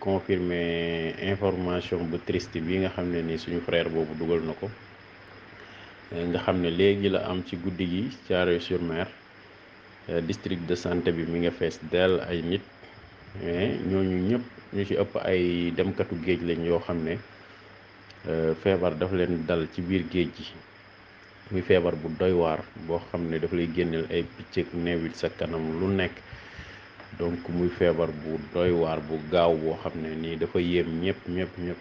confirmer information bu triste bi nga xam ne ni suñu frère boobu dugal na ko eh, nga xam ne léegi la am ci guddi gi Thiaroye sur Mer eh, district de santé bi mi nga fees dell ay nit mais eh, ñooñu ñëpp ñu ci ëpp ay demkatu géej lañ yoo xam ne feebar daf leen dal ci biir géej gi muy feebar bu doy waar boo xam ne daf lay génneel ay picc ak sa kanam lu nekk donc muy feebar bu doy waar bu gaaw boo xam ne nii dafa yéem ñëpp ñëpp ñëpp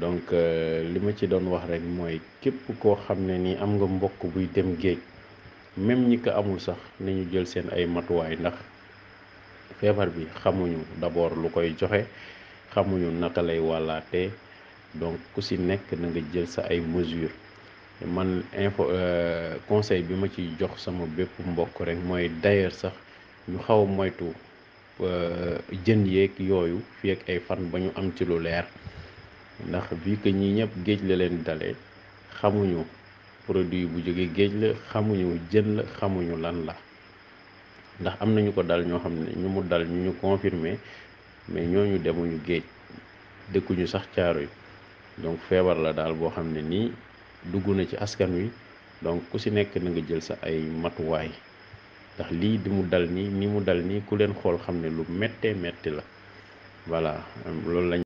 donc euh, li ma ci doon wax rek mooy képp koo xam ne nii am nga mbokk buy dem géej même ñi ko amul sax ñu jël seen ay matuwaay ndax feebar bi xamuñu d'abord lu koy joxe xamuñu naka lay wàllaate donc ku si nekk na nga jël sa ay mesures man info euh, conseil bi ma ciy jox sama bépp mbokk rek mooy d'ailleurs sax. ñu xaw a moytu euh, jën yeek yooyu fi ak ay fan ba ñu am ci lu leer ndax bii que ñii ñëpp géej la leen dale xamuñu produit bu jógee géej la xamuñu jën la xamuñu lan la ndax am nañu ko dal ñoo xam ne ñu mu dal ñu ñu confirmé mais ñooñu demuñu géej dëkkuñu sax caaro yi donc feebar la daal boo xam ne nii dugg na ci askan wi donc ku si nekk na nga jël sa ay matuwaay ndax lii di mu dal nii nii mu dal nii ku leen xool xam ne lu méttee métti la voilà loolu lañ